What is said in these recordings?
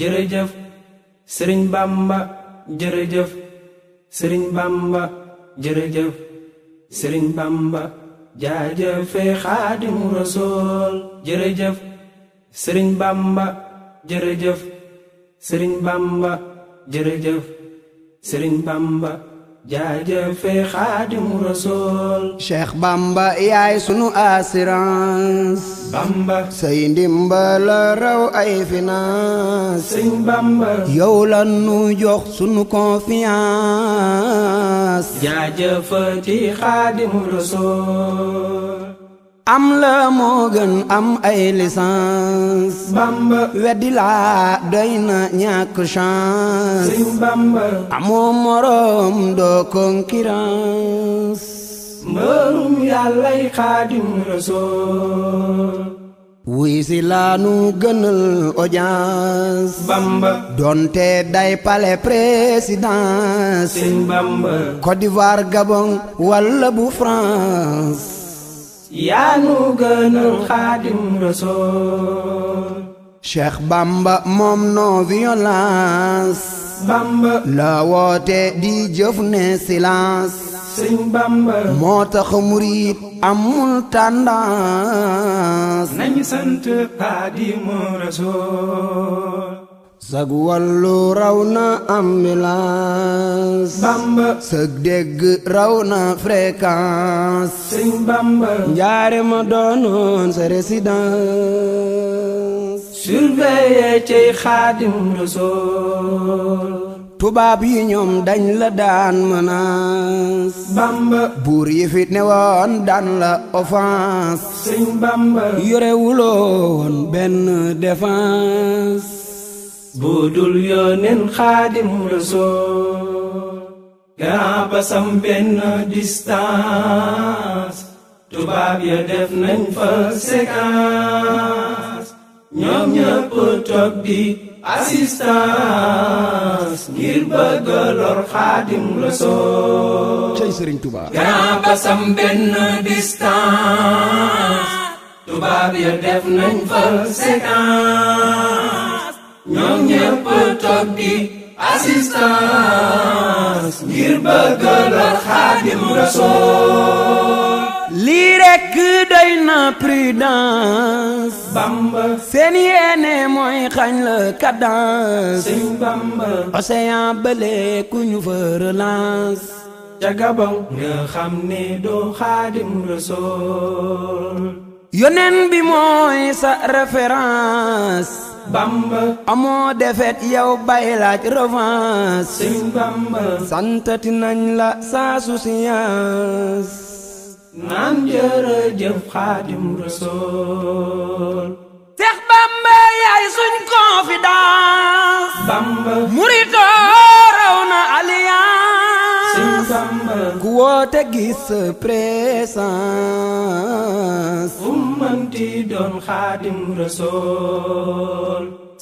jërëjëf sëriñ bamba jërëjëf sëriñ bamba jërëjëf sëriñ bamba jaajëfe xaadimu rasool jërëjëf sëriñ bamba jërëjëf sëriñ bamba jërëjëf sëriñ bamba jaajëfe xaadimu rasool cheikh bamba yaay sunu assurance bamba say ndimbal raw ay finance sëñ bamba yow la jox sunu confiance jaajëfati xaadimu rasool moo gën am ay licence bamba weddi laa doy na ñàkk chance bamba moroom doo concurrence mbërum yàllay xaadim rasool wuy si laanu gënal audience bamba donte day palais présidence sëñ Gabon walla bu France yaa nu gënal xaadim rasool cheikh bamba moom non violence bamba la woote di jëf ne silence sëñ bamba moo tax murit amul tendance nañu sant xaadim rasool sag wallu raw na ambulance bamba dégg raw na fréquence sëñ bamba njaare ma doonoon sa résidence surveillé cey xaadim rasool tubaab yi ñoom dañ la daan menace bamba buur yi fi ne woon daan la offense sëñ bamba woon benn défense budul yoneen xaadim rasool gaa basam benn distance tubaab ya def nañ fa séquence ñoom ñëpp toog di assistance ngir bëgg lor xaadim rasool cay sëriñ tubaab ya def nañ fa séquence ñoom ñépp toog di assistance ngir bëgg la xaadim rasool lii rekk doy na prudence bamba seen yéene mooy xañ la cadence sëñ bamba océan bële ku ñu fa relance ca gabaw nga xam ne doo xaadim rasool yoneen bi mooy sa référence bamba amoo defet yow bay laaj revanche sëñ bamba santati nañ la sa souciance naan jërëjëf xaadim rasool seex bamba yaay suñ confidence bamba muritoo raw na alliance sëñ bamba ku woote gis présence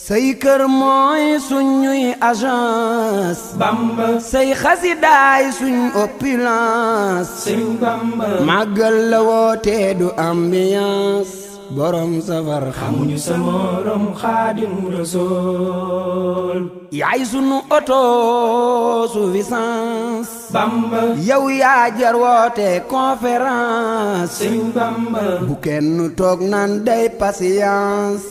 ci kër mooy suñuy agence bamba say xasidaay suñ opulence sëñ bamba màggal la wootee du ambiance borom safar xamuñu sa morom xaadim rasool yaay sunu autosuffisance bamba yow yaa woote conférence sëñ bamba toog naan day patience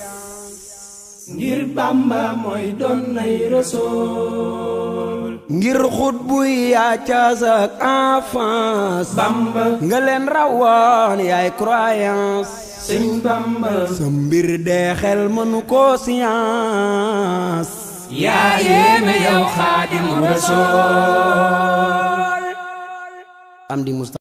ngir bamba mooy doon nay rasool ngir xutbu yaa caas ak enfance nga leen rawoon yaay croyance sëñ bamba sa mbir dee xel mënu ko science yaa yéeme yow xaadimu rasool